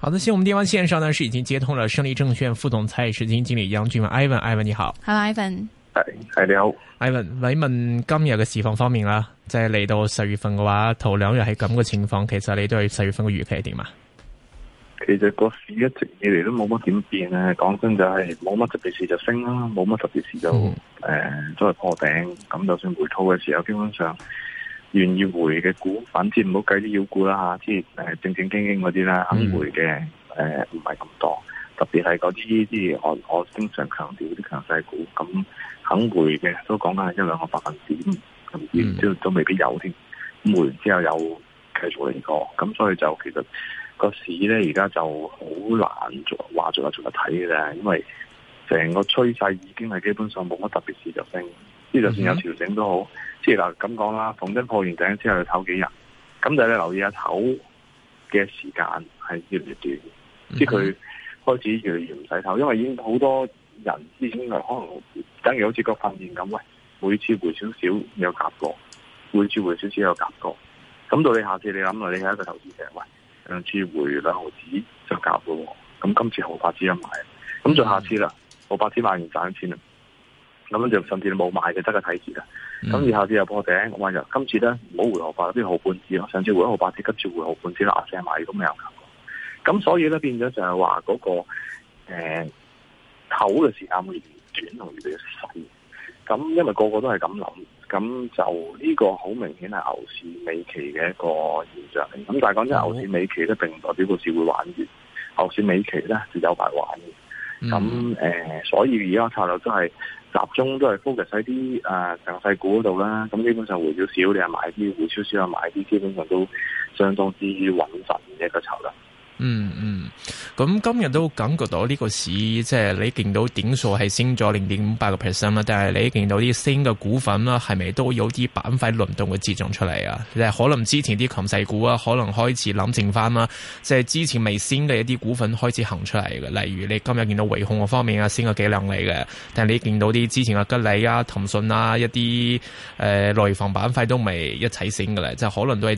好的，先我們電話線上呢，是已經接通了勝利證券副總裁，也是基金經理楊俊文，Ivan，Ivan 你好。Hello，Ivan。係係啦，Ivan，問一問今日嘅市況方面啦，即係嚟到十月份嘅話，頭兩日係咁嘅情況，其實你對十月份嘅預期係點啊？其實個市一直以嚟都冇乜點變啊，講真的就係冇乜特別事就升啦，啊，冇乜特別事就誒都係破頂，咁就算回吐嘅時候基本上。願意回嘅股，反之唔好計啲妖股啦吓，即係誒正正經經嗰啲啦，肯回嘅誒唔係咁多，特別係嗰啲啲我我經常強調啲強勢股，咁肯回嘅都講緊係一兩個百分點，甚、嗯、至都都未必有添。回完之後又繼續嚟過，咁所以就其實個市咧而家就好難做，話做又做唔睇嘅，因為成個趨勢已經係基本上冇乜特別事就升。呢、mm-hmm. 就算有調整都好，即係嗱咁講啦，逢真破完頂之後去唞幾日，咁就你留意一下唞嘅時間係越嚟越短，mm-hmm. 即係佢開始越嚟越唔使唞，因為已經好多人之前可能，等於好似個訓練咁，喂，每次回少少有夾過，每次回少少有夾過，咁到你下次你諗落，你係一個投資者，喂，兩次回兩毫子就夾到，咁今次毫八一買，咁就下次啦，毫、mm-hmm. 八千萬元賺錢啦。咁樣就甚至冇買嘅，得個睇字嘅。咁以後次有破頂，我話又今次咧，唔好回頭發啲毫半字咯。上次回毫八字，跟住回毫半字啦，壓住買咁又咁，所以咧變咗就係話嗰個誒口嘅時間會越短同越嚟越細。咁因為個個都係咁諗，咁就呢個好明顯係牛市尾期嘅一個現象。咁但係講真，牛市尾期咧，並唔代表股市會玩完，牛市尾期咧就有排玩嘅。咁、mm-hmm。誒、呃，所以而家策略都係集中都係 focus 喺啲誒強勢股嗰度啦。咁基本上回少少，你又買啲，回少少又買啲，基本上都相當之於穩陣嘅一個策略。嗯嗯，咁今日都感覺到呢個市，即係你見到點數係升咗零點五八個 percent 啦，但係你見到啲升嘅股份啦，係咪都有啲板塊輪動嘅跡象出嚟啊？即係可能之前啲強勢股啊，可能開始諗靜翻啦，即係之前未升嘅一啲股份開始行出嚟嘅，例如你今日見到維控嘅方面啊，升咗幾兩厘嘅，但係你見到啲之前嘅吉利啊、騰訊啊一啲誒內房板塊都未一齊升嘅咧，即係可能都係。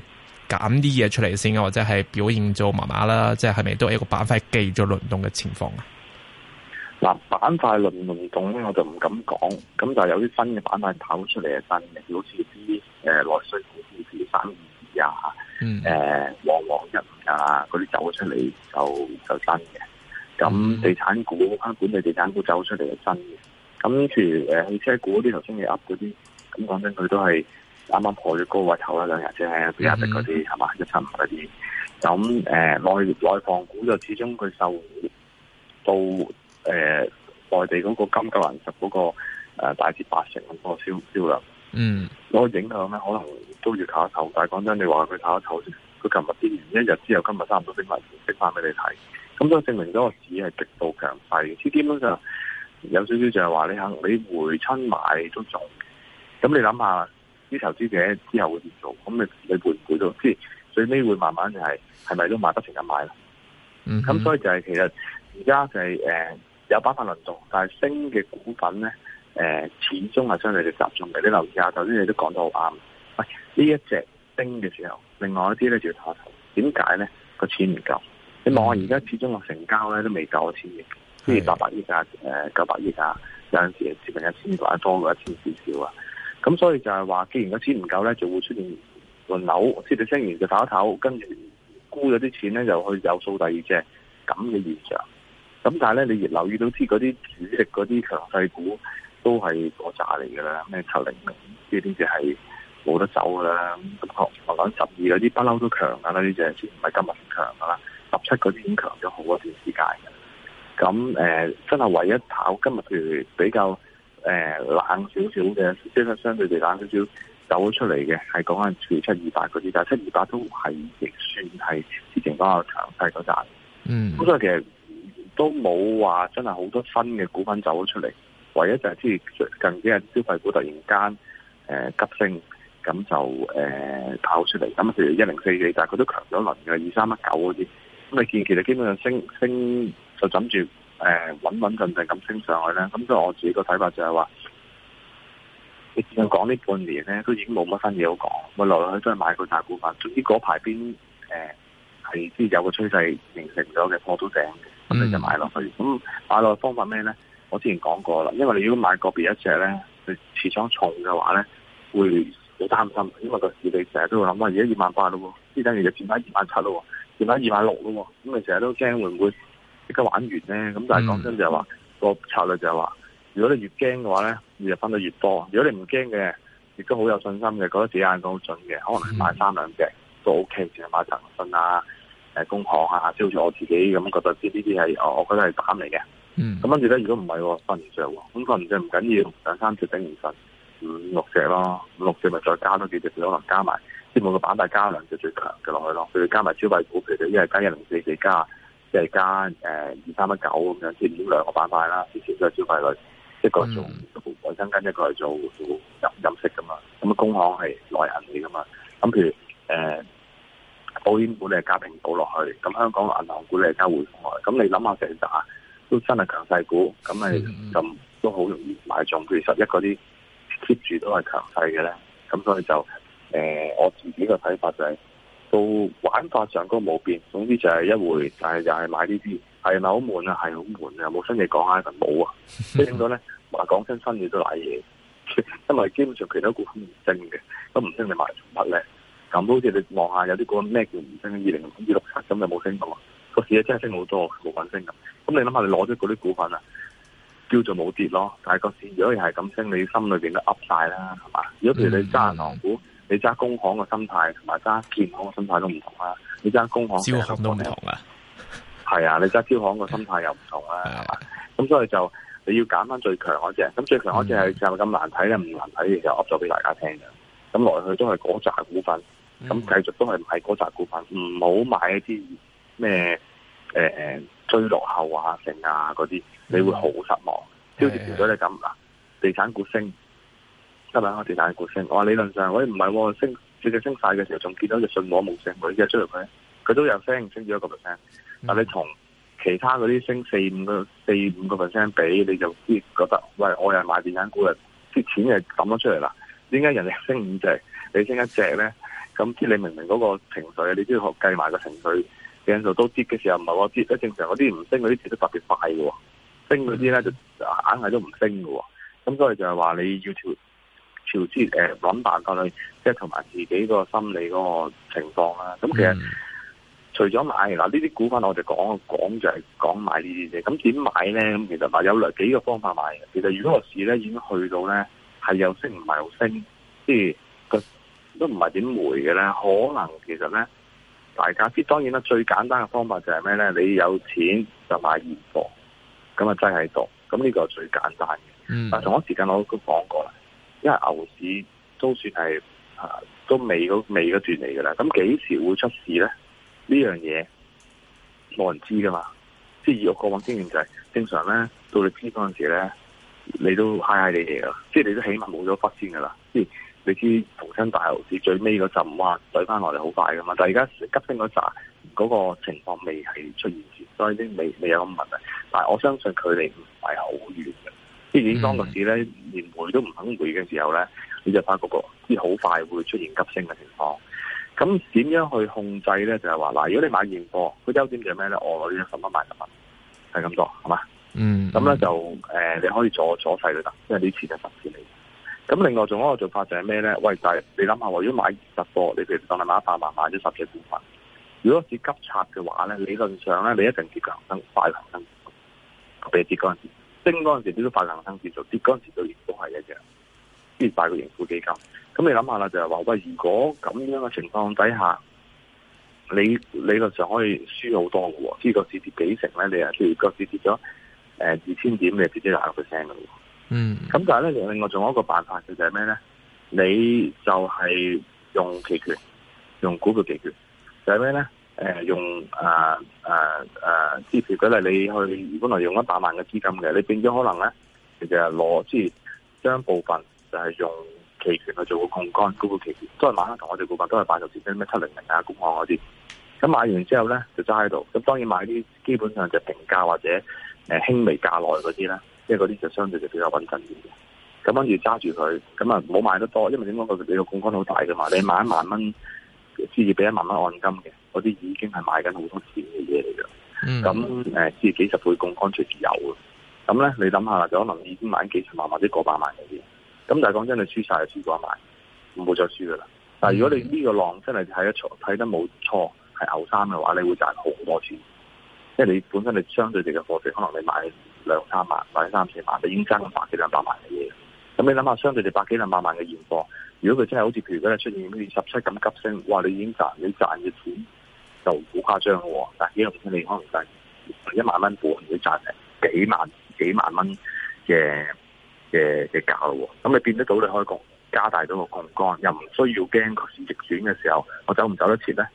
減啲嘢出嚟先啊，或者係表現做麻麻啦，即係係咪都係一個板塊繼續輪動嘅情況啊？嗱，板塊輪輪動咧，我就唔敢講，咁但係有啲新嘅板塊跑出嚟係新嘅，好似啲誒內需股，譬如反而是啊，誒旺旺一啊，嗰啲走出嚟就就真嘅。咁地產股，本地地產股走出嚟係真嘅。咁譬如誒汽車股啲，頭先你 up 嗰啲，咁講緊佢都係。啱啱破咗高位頭一兩日啫，比亞迪嗰啲係嘛，一七五嗰啲，咁、mm-hmm. 誒、呃、內內房股就始終佢受到誒、呃、內地嗰個金九銀十嗰、那個誒、呃、大跌八成嗰個消銷量，嗯，嗰、mm-hmm. 個影響咧可能都要唞一唞，但係講真，你話佢唞一唞，佢琴日跌完一日之後，今日差唔多升翻，升翻俾你睇，咁都證明咗個市係極度強勢，即係基本上有少少就係話你肯你回親買都仲，咁你諗下。啲投資者之後會點做？咁你佢換唔換即知，最尾會慢慢就係係咪都買得成咁買啦？嗯，咁、嗯、所以就係、是、其實而家就係、是、誒、呃、有辦法輪動，但係升嘅股份咧誒、呃，始終係將你哋集中嘅。你留意下頭先你都講得好啱。喂、哎，呢一隻升嘅時候，另外一啲咧就要踏頭。點解咧？個錢唔夠。你望下而家始終個成交咧都未夠一千億，即係八百億啊，誒、呃、九百億啊，有陣時接近一千或者多過一千少少啊。咁所以就係話，既然啲錢唔夠呢，就會出現輪流即係升完就跑一跑，跟住沽咗啲錢呢，就去有數第二隻咁嘅現象。咁但係呢，你越留意到啲嗰啲主力嗰啲強勢股都，都係個渣嚟㗎喇。咩七零零，即係啲嘢係冇得走㗎喇？咁可能十二嗰啲不嬲都強㗎喇。呢隻先唔係今日咁強㗎啦，十七嗰啲已經強咗好一段時間嘅。咁、呃、真係唯一跑今日，譬如比較。誒、欸，冷少少嘅，即係相對地冷少少走咗出嚟嘅，係講緊除七二八嗰啲，但係七二八都係亦算係之前比較強勢嗰扎，嗯，咁所以其實都冇話真係好多新嘅股份走咗出嚟，唯一就係即係近幾日消費股突然間誒、呃、急升，咁就誒跑、呃、出嚟，咁譬如一零四四，但係佢都強咗輪嘅二三一九嗰啲，咁你見其實基本上升升就枕住。誒穩穩陣陣咁升上去咧，咁即係我自己個睇法就係話，你只要講呢半年咧，都已經冇乜分嘢好講，我落落去都係買個大股份。總之嗰排邊係先有個趨勢形成咗嘅破咗頂，咁你就買落去。咁買落去方法咩咧？我之前講過啦，因為你如果買個別一隻咧，你持倉重嘅話咧，會好擔心，因為個市你成日都諗啊，而家二萬八嘞喎，依家突然就跌翻二萬七嘞喎，跌翻二萬六嘞喎，咁你成日都驚會唔會？而家玩完咧，咁就係講真就係話個策略就係話，如果你越驚嘅話咧，你就分得越多；如果你唔驚嘅，亦都好有信心嘅，覺得自己眼光好準嘅，可能買三兩隻都 OK，其實買騰訊啊、誒工行啊，即好似我自己咁、啊、覺得呢啲係我覺得係膽嚟嘅。咁跟住咧，如果唔、啊那個、係瞓唔著，咁瞓唔著唔緊要，兩三隻頂唔順，五六隻咯，五六隻咪再加多幾隻，可能加埋，即每個板塊加兩隻最強嘅落去咯。佢哋加埋消費股，譬如一係加一零四四加。即係加誒二三一九咁樣，即係已經兩個板塊啦，至少都係消費類，一個做衛生巾，一個係做飲飲食噶嘛。咁、嗯、工行係內銀嚟企噶嘛。咁、嗯、譬如誒、呃、保險股咧加平保落去，咁、嗯、香港嘅銀行股咧加匯豐落去。咁、嗯、你諗下成日都真係強勢股，咁咪咁都好容易買中。譬如十一嗰啲 keep 住都係強勢嘅咧，咁、嗯、所以就誒、呃、我自己嘅睇法就係、是。到玩法上都冇變，總之就係一回，就係又係買呢啲，係咪好悶啊？係好悶啊？下有冇新嘢講一份冇啊？所以點講咧，話講新嘢都瀨嘢，因為基本上其他股份唔升嘅，都唔升你賣做乜咧？咁好似你望下有啲股咩叫唔升二零二六七，咁就冇升過，個市真係升好多冇穩升咁。咁你諗下你攞咗嗰啲股份啊，叫做冇跌咯，但係個市如果係咁升，你心裏邊都 up 曬啦，係嘛、 嗯？如果譬如你揸銀行股。 你揸工行嘅心態同埋揸建行嘅心態都唔同啦，你揸工行招行都唔同啊，係啊，啊，你揸招行嘅心態又唔同啦、啊，咁、 啊啊、所以就你要揀翻最強嗰隻，咁最強嗰隻係咪咁難睇咧？唔、嗯、難睇嘅時候噏咗俾大家聽嘅，咁落去都係嗰扎股份，咁、嗯、繼續都係買嗰扎股份，唔、嗯、好買一啲咩誒追落後啊成啊嗰啲、嗯，你會好失望，好似前幾日咁嗱，地產股升。得啦，我地產股升，我話理論上，喂唔係、哦、升，直接升晒嘅時候，仲見到只信和冇升，佢一出嚟佢，佢都有升，升咗一個 percent。但係你同其他嗰啲升四五個、四五個 percent 比，你就知覺得，喂，我又買地產股啊，啲錢又抌咗出嚟啦。點解人哋升五隻，你升一隻咧？咁即係你明明嗰個情緒，你,知計緒你都要學計埋個情緒，點做都跌嘅時候唔係話跌，得正常。嗰啲唔升嗰啲跌得特別快嘅，升嗰啲咧就硬係都唔升嘅。咁所以就係話你要調。調之誒，搵辦法去，即係同埋自己個心理個情況啦。咁其實除咗買嗱，呢啲股份我哋講講就係講買呢啲嘢。咁點買咧？咁其實嗱，有幾個方法買嘅。其實如果個市咧已經去到咧係有升唔係好升，即係個都唔係點回嘅咧，可能其實咧大家知當然啦，最簡單嘅方法就係咩咧？你有錢就買現貨，咁啊真係度。咁呢個係最簡單嘅。嗯。但同一時間我都講過啦。因為牛市都算係吓，都未都未尾段嚟噶啦。咁幾時會出事咧？呢樣嘢冇人知噶嘛。即係以我過往經驗就係，正常咧到你知嗰陣時咧，你都嗨嗨哋嘢噶。即係你都起碼冇咗發先噶啦。即係你知逢親大牛市最尾嗰陣話懟翻落嚟好快噶嘛。但係而家急升嗰陣，嗰個情況未係出現時，所以先未未有咁問題。但係我相信佢哋唔係好遠嘅。嗯、即已經當個市咧，連回都唔肯回嘅時候咧，你就發覺嗰個啲好快會出現急升嘅情況。咁點樣去控制咧？就係話嗱，如果你買現貨，佢優點就係咩咧？我攞呢十蚊買十蚊，係咁多，係嘛？嗯。咁、嗯、咧就誒、呃，你可以阻阻細佢喇，因為呢次就十次你。咁另外仲有一個做法就係咩咧？喂，但、就、係、是、你諗下，如果買十貨，你譬如當你買一百萬買咗十隻股份，如果隻急拆嘅話咧，理論上咧你一定結嘅，恒生快恒生。俾你陣時。升嗰陣時，你都發能生，生指數跌嗰陣時，亦都係一樣，必大個盈富基金。咁你諗下啦，就係話喂，如果咁樣嘅情況底下，你理論上可以輸好多嘅喎。呢個市跌幾成咧？你啊，譬如個市跌咗誒二千點，你跌咗廿個 percent。嗯。咁但係咧，另外仲有一個辦法就係咩咧？你就係用期權，用股票期權，就係咩咧？誒、呃，用啊啊啊，支票舉例你去本來用一百萬嘅資金嘅，你變咗可能咧，其實攞支係將部分就係用期權去做槓桿，嗰個槓桿，高嘅期權，都係買翻同我哋部分都係買頭市，即係咩七零零啊、工行嗰啲。咁買完之後咧就揸喺度，咁當然買啲基本上就平價或者誒輕微價內嗰啲啦，即係嗰啲就相對就比較穩陣啲嘅。咁跟住揸住佢，咁啊唔好買得多，因為點講？佢個你個槓桿好大嘅嘛，你買一萬蚊，先至俾一萬蚊按金嘅。嗰啲已經係買緊好多錢嘅嘢嚟嘅，咁誒，知、呃、幾十倍共安出自有。咁咧，你諗下就可能已經買緊幾十萬或者過百萬嘅嘢。咁但係講真，你輸晒就輸過萬，唔會再輸噶啦。但係如果你呢個浪真係睇得錯，睇得冇錯係牛三嘅話，你會賺好多錢，即係你本身你相對地嘅貨值，可能你買兩三萬，買三四萬，你已經賺百幾兩百萬嘅嘢。咁你諗下，相對地百幾兩百萬嘅現貨，如果佢真係好似譬如嗰日出現十七咁急升，哇！你已經賺你賺嘅錢，就好誇張喎！但係呢樣嘢你可能就係一萬蚊半你賺嚟幾萬幾萬蚊嘅嘅嘅價咯喎！咁你變得到你可以加大到個槓桿，又唔需要驚佢逆轉嘅時候，我走唔走得切咧？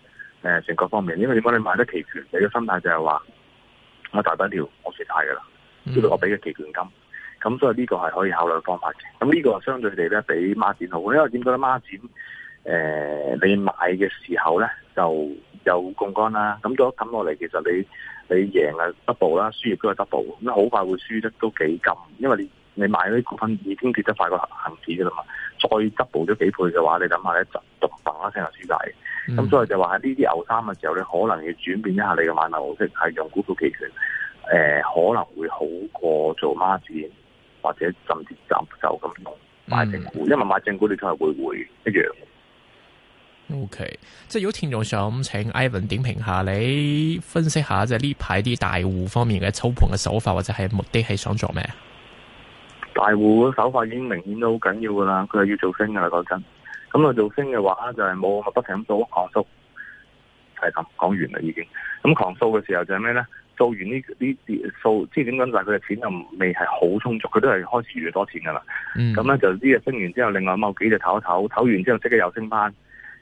成、呃、個方面，因為如果你買得期權，你嘅心態就係話我大不了我蝕曬㗎啦，呢、嗯、個、就係、我俾嘅期權金，咁所以呢個係可以考慮嘅方法。咁呢個相對地咧，比孖展好，因為點講咧？孖展誒、呃，你買嘅時候咧，就有槓桿啦。咁咁落嚟，其實你你贏啊 double 啦，輸亦都係 double。咁好快會輸得都幾咁，因為你你買嗰啲股份已經跌得快過恒指噶啦嘛。再 double 咗幾倍嘅話，你諗下咧，就嘭一聲就輸晒。咁所以就話喺呢啲牛三嘅時候咧，你可能要轉變一下你嘅買賣模式古古，係用股票期權。誒，可能會好過做孖展或者甚至斬手咁買正股，嗯，因為買正股你都係會回一樣。O K，即係如果聽眾想請 Evan 點評下，你分析下即係呢排啲大戶方面嘅操盤嘅手法或者係目的係想做咩？大戶手法已經明顯都好緊要噶啦，佢係要做升噶啦講真，咁佢做升嘅話就係冇咪不停咁做狂掃，係咁講完啦已經了。咁狂掃嘅時候就係咩咧？做完呢呢啲數，即係點講？但係佢嘅錢又未係好充足，佢都係開始越嚟多錢噶啦。咁、嗯、咧就呢日升完之後，另外某幾隻唞一唞，唞完之後,完之後即刻又升翻。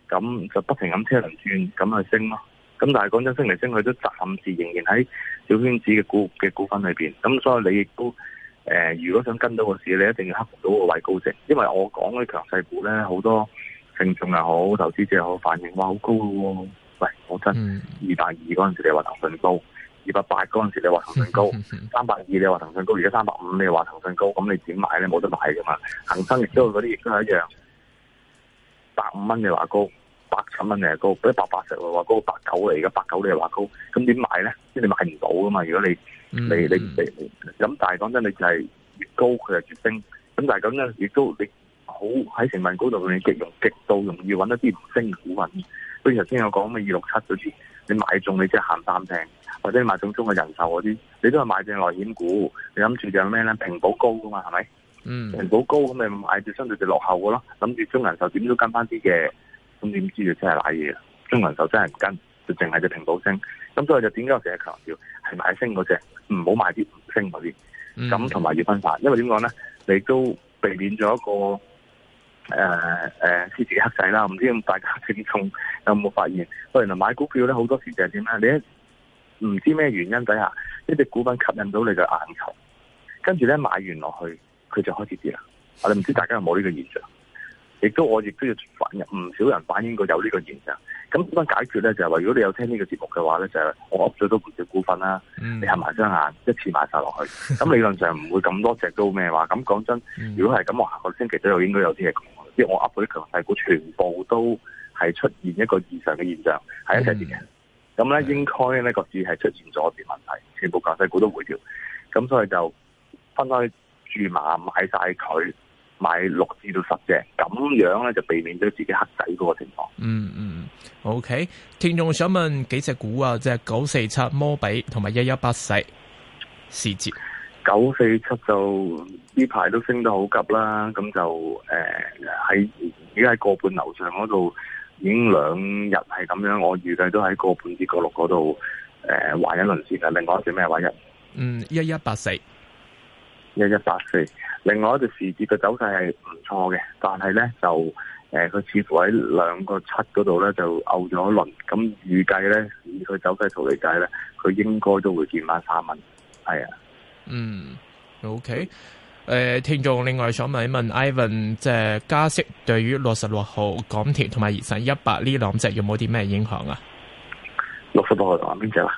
咁就不停咁車輪轉，咁去升咯。咁但係講真，升嚟升去都暫時仍然喺小圈子嘅股嘅股份裏邊。咁所以你亦都誒、呃，如果想跟到個市，你一定要克服到個位高值。因為我講啲強勢股咧，好多聽眾又好，投資者又好，反映話好高喎、哦。喂，我真，二百二嗰陣時你話騰訊高，二百八嗰陣時你話騰訊高，三百二你話騰訊高，而家三百五你話騰訊高，咁你點買咧？冇得買噶嘛。恆生亦都嗰啲亦都係一樣。百五蚊你話高，百十蚊你又高，一百八十話高，百九嚟嘅百九你又話高，咁點買咧？即係你買唔到噶嘛？如果你，你，你，你，咁但係講真，你就係越高佢係越升，咁但係咁咧，亦都你好喺成萬股度，你極容極，極到容易揾一啲升股份。所以頭先我講咩二六七嗰次，你買中你即係行三平，或者你買中中嘅人壽嗰啲，你都係買正內險股，你諗住就有咩咧？平保高噶嘛，係咪？嗯、mm.，平保高咁咪買隻相對就落後嘅咯，諗住中銀就點都跟翻啲嘅，咁點知就真係瀨嘢，中銀就真係唔跟，就淨係只平保升，咁所以就點解我成日強調係買升嗰隻，唔好買啲唔升嗰啲，咁同埋要分散，因為點講咧，你都避免咗一個誒誒，獅、呃呃、子黑仔啦，唔知咁大家聽眾有冇發現？喂，原來，買股票咧好多時就係點咧，你唔知咩原因底下一隻股份吸引到你嘅眼球，跟住咧買完落去。佢就開始跌啦，我哋唔知大家有冇呢個現象，亦都我亦都要反映，唔少人反映過有呢個現象。咁點樣解決咧？就係、是、話如果你有聽呢個節目嘅話咧，就是、我 up 咗都唔少股份啦，你合埋雙眼一次買晒落去，咁理論上唔會咁多隻都咩話。咁講真，如果係咁，我下個星期都有應該有啲嘢講。即係我 up 啲強勢股全部都係出現一個異常嘅現象，係一齊跌嘅。咁咧，應該咧，呢個市係出現咗啲問題，全部強勢股都回調，咁所以就分開。住碼買晒佢，買六至到十隻，咁樣咧就避免咗自己黑仔嗰個情況。嗯嗯，OK。聽眾想問幾隻股啊？即係九四七、摩比同埋一一八四。市捷九四七就呢排都升得好急啦，咁就誒喺而家喺個半樓上嗰度，已經兩日係咁樣。我預計都喺個半至個六嗰度誒玩一輪先啦。另外一支咩玩一？嗯，一一八四。一一八四，另外一隻時節嘅走勢係唔錯嘅，但係咧就誒，佢、呃、似乎喺兩個七嗰度咧就拗咗一輪，咁預計咧以佢走勢圖嚟計咧，佢應該都會見翻三蚊。係啊，嗯，OK，誒、呃，聽眾另外想問一問，Ivan，即係加息對於六十六號、港鐵同埋二三一八呢兩隻有冇啲咩影響啊？六十六號同邊隻啊？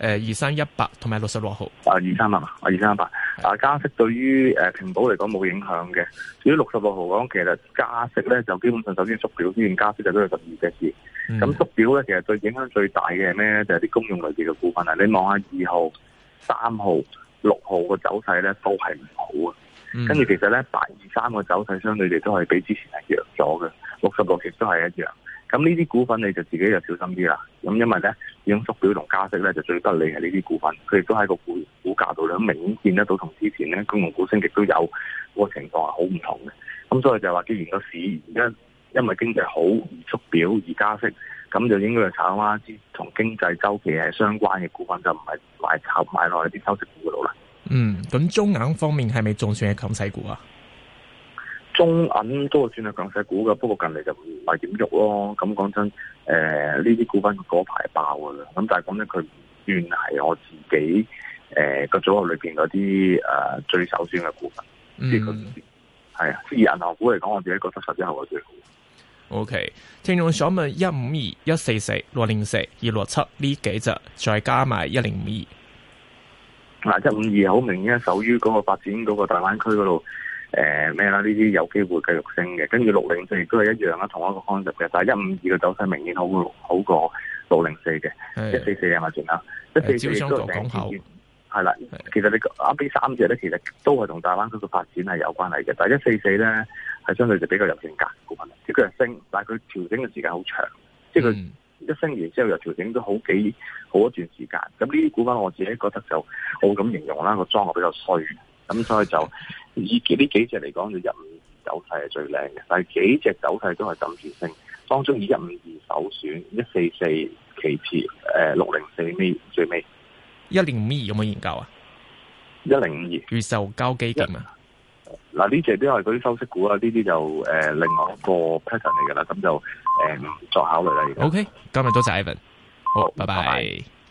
誒，二三一八同埋六十六號。啊，二三一八啊，二三一八。啊！加息對於誒平保嚟講冇影響嘅，至於六十六號講其實加息咧就基本上首先縮表，雖然加息也就都係十二隻字。咁、嗯、縮表咧其實對影響最大嘅咩咧就係、是、啲公用類別嘅股份啦。你望下二號、三號、六號嘅走勢咧都係唔好啊。跟、嗯、住其實咧八、二、三個走勢相對地都係比之前係弱咗嘅。六十六其實都係一樣。咁呢啲股份你就自己就小心啲啦，咁因為咧，而縮表同加息咧就最得利係呢啲股份，佢哋都喺個股股價度咧明顯見得到同之前咧公用股升極都有個情況係好唔同嘅。咁所以就話，既然個市而家因為經濟好而縮表而加息，咁就應該係炒翻啲同經濟周期係相關嘅股份，就唔係買炒買落一啲收息股嗰度啦。嗯，咁中銀方面係咪仲算係強勢股啊？中銀都算係強勢股㗎，不過近嚟就唔係點喐咯。咁講真，誒呢啲股份嗰排爆噶啦。咁但係講真，佢唔算係我自己誒個、呃、組合裏邊嗰啲誒最首選嘅股份。嗯，係、就、啊、是，即銀行股嚟講，我自己覺得十之後係最好的。O、okay, K.，聽眾想問一五二一四四六零四二六七呢幾隻，再加埋一零五二。嗱，一五二好明顯屬於嗰個發展嗰個大灣區嗰度。誒咩啦？呢啲有機會繼續升嘅，跟住六零四亦都係一樣啦，同一個概念嘅。但係一五二嘅走勢明顯好好過六零四嘅，一四四啊嘛轉啦，一四四都係頂天嘅。係啦，其實你啱啱俾三隻咧，啊 B3、其實都係同大灣區嘅發展係有關係嘅。但係一四四咧係相對就比較有性格嘅股份，即係佢升，但係佢調整嘅時間好長，嗯、即係佢一升完之後又調整咗好幾好一段時間。咁呢啲股份我自己覺得就我會咁形容啦，個莊落比較衰。咁 所以就以呢幾隻嚟講就一五二九係最靚嘅，但係幾隻九係都係咁前升，當中以一五二首選，一四四其次，誒六零四尾最尾，一零五二有冇研究啊？一零五二越秀交基建啊？嗱呢隻都係嗰啲收息股啦，呢啲就誒、呃、另外一個 pattern 嚟噶啦，咁就誒唔、呃、作考慮啦。而家 O K，今日多謝 Evan，好，拜拜。拜拜